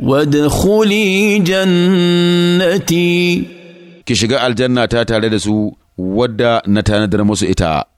وادخلي جنتي كشجاء الجنة تاتا لدسو ودا نتانا درموس إتا